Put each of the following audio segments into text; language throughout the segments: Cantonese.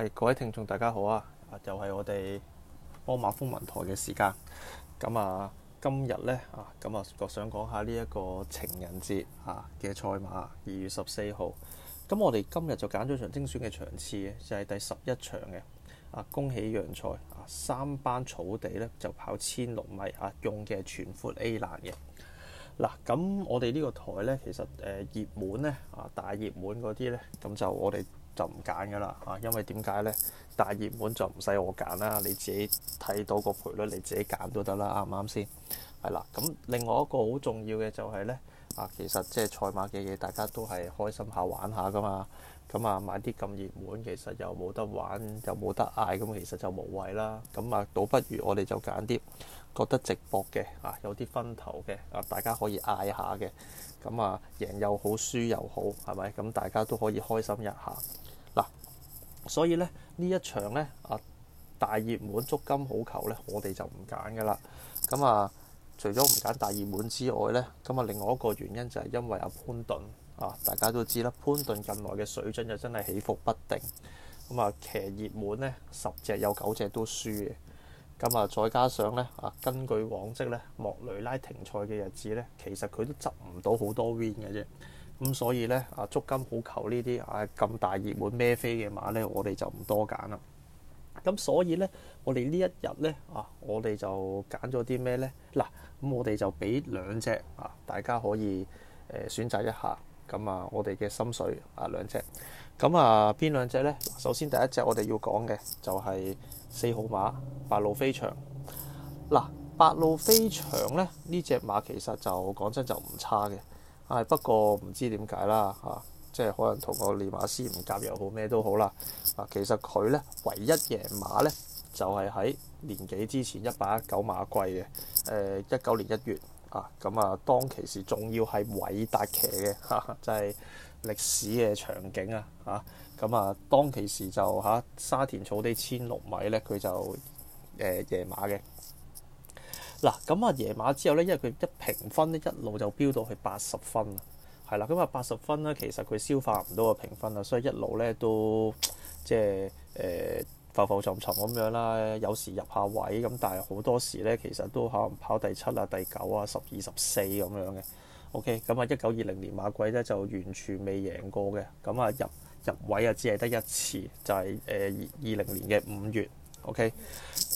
係各位聽眾大家好啊！啊，又係我哋波馬風雲台嘅時間。咁啊，今日咧啊，咁啊，我想講下呢一個情人節啊嘅賽馬，二月十四號。咁我哋今日就揀咗場精選嘅場次嘅，就係、是、第十一場嘅。啊，恭喜羊賽啊，三班草地咧就跑千六米啊，用嘅全闊 A 欄嘅。嗱，咁我哋呢個台咧，其實誒熱門咧啊，大熱門嗰啲咧，咁就我哋就唔揀噶啦啊，因為點解咧？大熱門就唔使我揀啦，你自己睇到個賠率你自己揀都得啦，啱唔啱先？係啦，咁另外一個好重要嘅就係、是、咧。啊，其實即係賽馬嘅嘢，大家都係開心下玩下噶嘛。咁啊，買啲咁熱門，其實又冇得玩，又冇得嗌，咁其實就無謂啦。咁啊，倒不如我哋就揀啲覺得值博嘅，啊有啲分頭嘅，啊大家可以嗌下嘅。咁啊，贏又好，輸又好，係咪？咁大家都可以開心一下。嗱，所以咧，呢一場咧，啊，大熱門足金好球咧，我哋就唔揀噶啦。咁啊～除咗唔揀大熱門之外呢，咁啊，另外一個原因就係因為阿潘頓啊，大家都知啦，潘頓近來嘅水準就真係起伏不定，咁啊騎熱門呢，十隻有九隻都輸嘅，咁啊再加上呢，啊，根據往績呢，莫雷拉停賽嘅日子呢，其實佢都執唔到好多 win 嘅啫，咁、啊、所以呢，啊足金好求呢啲啊咁大熱門孭飛嘅馬呢，我哋就唔多揀啦。咁所以呢，我哋呢一日呢，啊，我哋就揀咗啲咩呢？嗱，咁我哋就俾兩隻啊，大家可以誒選擇一下。咁啊，我哋嘅心水啊兩隻。咁啊，邊兩隻呢？首先第一隻我哋要講嘅就係四號馬白鷺飛翔。嗱，白鷺飛翔呢，呢隻馬其實就講真就唔差嘅，唉不過唔知點解啦嚇。即係可能同個利馬斯唔夾又好咩都好啦。嗱，其實佢咧唯一贏馬咧，就係喺年幾之前一八一九馬季嘅誒一九年一月啊。咁啊，當其時仲要係韋達騎嘅、啊，就係、是、歷史嘅場景啊。嚇，咁啊，當其時就嚇、啊、沙田草地千六米咧，佢就誒贏、呃、馬嘅。嗱、啊，咁啊贏馬之後咧，因為佢一評分咧一路就飆到去八十分啊。係啦，咁啊八十分啦，其實佢消化唔到個評分啦，所以一路咧都即係誒、呃、浮浮沉沉咁樣啦，有時入下位咁，但係好多時咧其實都可能跑第七啊、第九啊、十二、十四咁樣嘅。OK，咁啊一九二零年馬季咧就完全未贏過嘅，咁啊入入位啊只係得一次，就係誒二零年嘅五月。OK。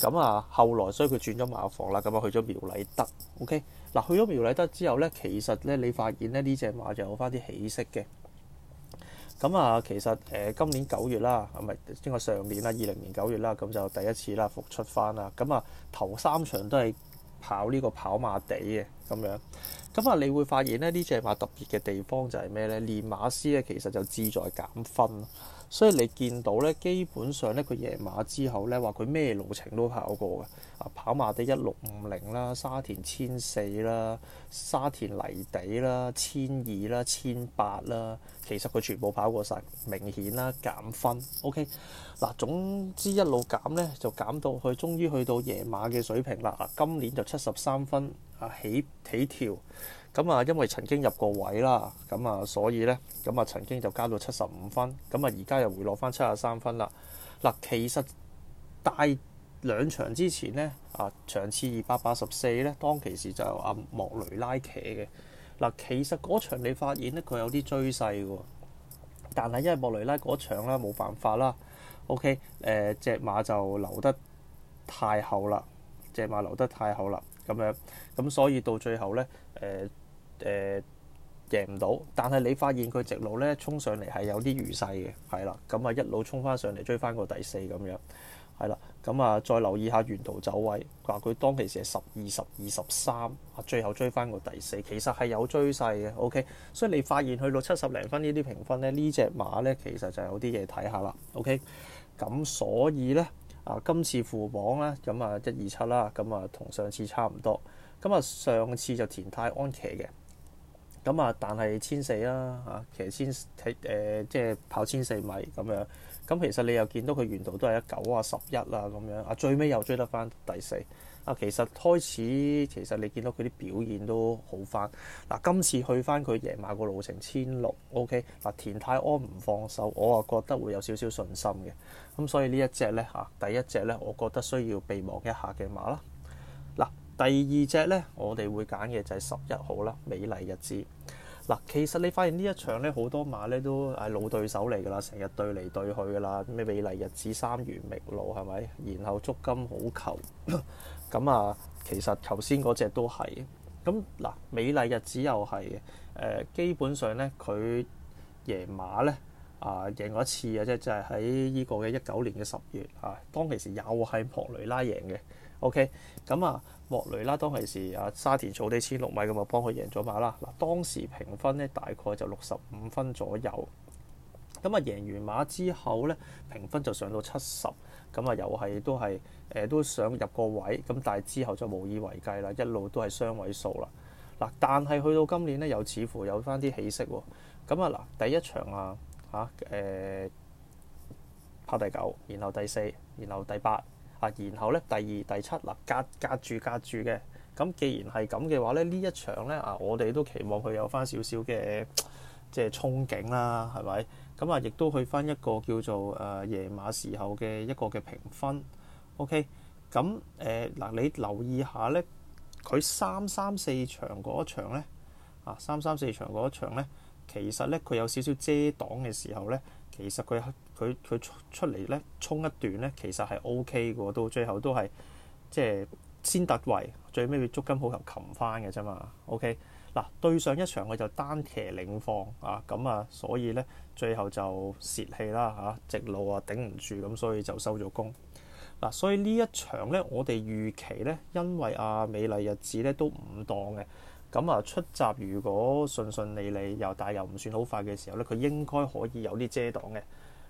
咁啊，後來所以佢轉咗馬房啦，咁啊去咗苗禮德。OK，嗱去咗苗禮德之後呢，其實呢，你發現呢呢隻馬就有翻啲起色嘅。咁啊，其實誒今年九月啦，唔係？應該上年啦，二零年九月啦，咁就第一次啦復出翻啦。咁啊，頭三場都係跑呢個跑馬地嘅咁樣。咁啊，你會發現呢呢隻馬特別嘅地方就係咩呢？練馬師呢，其實就志在減分。所以你見到咧，基本上咧，佢夜馬之後咧，話佢咩路程都跑過嘅啊，跑馬地一六五零啦，沙田千四啦，沙田泥地啦，千二啦，千八啦，其實佢全部跑過晒，明顯啦減分。OK，嗱總之一路減咧，就減到去，終於去到夜馬嘅水平啦。今年就七十三分。起起跳咁啊，因為曾經入過位啦，咁啊，所以咧咁啊，曾經就加到七十五分，咁啊，而家又回落翻七十三分啦。嗱，其實大兩場之前咧啊，場次二百八十四咧，當其時就阿莫雷拉騎嘅。嗱，其實嗰場你發現咧，佢有啲追勢嘅，但係因為莫雷拉嗰場咧冇辦法啦。OK，誒隻馬就留得太後啦，隻馬留得太後啦。咁樣，咁所以到最後呢，誒、呃、誒、呃、贏唔到，但係你發現佢直路呢，衝上嚟係有啲餘勢嘅，係啦，咁啊一路衝翻上嚟追翻個第四咁樣，係啦，咁啊再留意下沿途走位，話佢當其時係十二十二十三，啊最後追翻個第四，其實係有追勢嘅，OK，所以你發現去到七十零分呢啲評分呢，呢隻馬呢，其實就有啲嘢睇下啦，OK，咁所以呢。啊，今次負磅啦，咁啊一二七啦，咁啊同上次差唔多，咁啊上次就田泰安騎嘅，咁啊但係千四啦嚇，騎千睇誒即係跑千四米咁樣。咁其實你又見到佢沿途都係一九啊十一啊咁樣，啊最尾又追得翻第四，啊其實開始其實你見到佢啲表現都好翻。嗱，今次去翻佢夜馬個路程千六，OK。嗱，田泰安唔放手，我啊覺得會有少少信心嘅。咁所以呢一隻咧嚇，第一隻咧，我覺得需要備忘一下嘅馬啦。嗱，第二隻咧，我哋會揀嘅就係十一號啦，美麗日子。嗱，其實你發現呢一場咧，好多馬咧都係老對手嚟㗎啦，成日對嚟對去㗎啦。咩美麗日子三元未露係咪？然後足金好球，咁啊，其實頭先嗰隻都係。咁嗱，美麗日子又係誒，基本上咧佢贏馬咧啊贏過一次嘅，即係就係喺呢個嘅一九年嘅十月啊，當其時又係莫雷拉贏嘅。O K，咁啊，okay，莫雷啦，當其時啊，沙田草地千六米咁啊，幫佢贏咗馬啦。嗱，當時評分咧大概就六十五分左右。咁啊，贏完馬之後咧，評分就上到七十。咁啊，又係都係誒都想入個位咁，但係之後就無以為繼啦，一路都係雙位數啦。嗱，但係去到今年咧，又似乎有翻啲起色喎。咁啊，嗱，第一場啊，嚇誒拍第九，然後第四，然後第八。啊，然後咧，第二、第七嗱，隔隔住隔住嘅，咁既然係咁嘅話咧，呢一場咧啊，我哋都期望佢有翻少少嘅即係憧憬啦，係咪？咁啊，亦都去翻一個叫做誒、呃、夜馬時候嘅一個嘅評分。OK，咁誒嗱，你留意下咧，佢三三四場嗰場咧，啊三三四場嗰場咧，其實咧佢有少少遮擋嘅時候咧，其實佢。佢佢出嚟咧，衝一段咧，其實係 O K 嘅喎。到最後都係即係先突圍，最尾要捉金好球擒翻嘅啫嘛。O K 嗱，對上一場佢就單騎領放啊，咁啊，所以咧最後就泄氣啦嚇，直路啊頂唔住咁，所以就收咗工嗱、啊。所以呢一場咧，我哋預期咧，因為啊，美麗日子咧都唔當嘅，咁啊出閘如果順順利利又但係又唔算好快嘅時候咧，佢應該可以有啲遮擋嘅。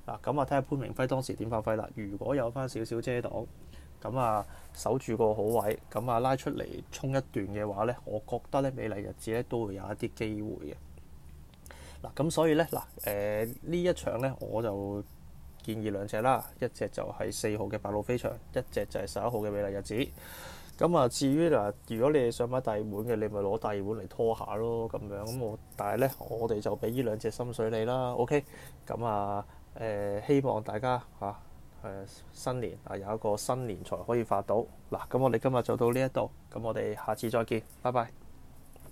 嗱，咁啊，睇下潘明輝當時點發揮啦。如果有翻少少遮擋，咁啊守住個好位，咁啊拉出嚟衝一段嘅話咧，我覺得咧美麗日子咧都會有一啲機會嘅。嗱，咁所以咧嗱，誒呢一場咧我就建議兩隻啦，一隻就係四號嘅白鷺飛翔，一隻就係十一號嘅美麗日子。咁啊，至於嗱，如果你係想買第二盤嘅，你咪攞第二盤嚟拖下咯。咁樣咁我但係咧，我哋就俾呢兩隻心水你啦。OK，咁啊。誒、呃、希望大家嚇、啊、新年啊，有一個新年財可以發、啊、到嗱，咁我哋今日做到呢一度，咁我哋下次再見，拜拜。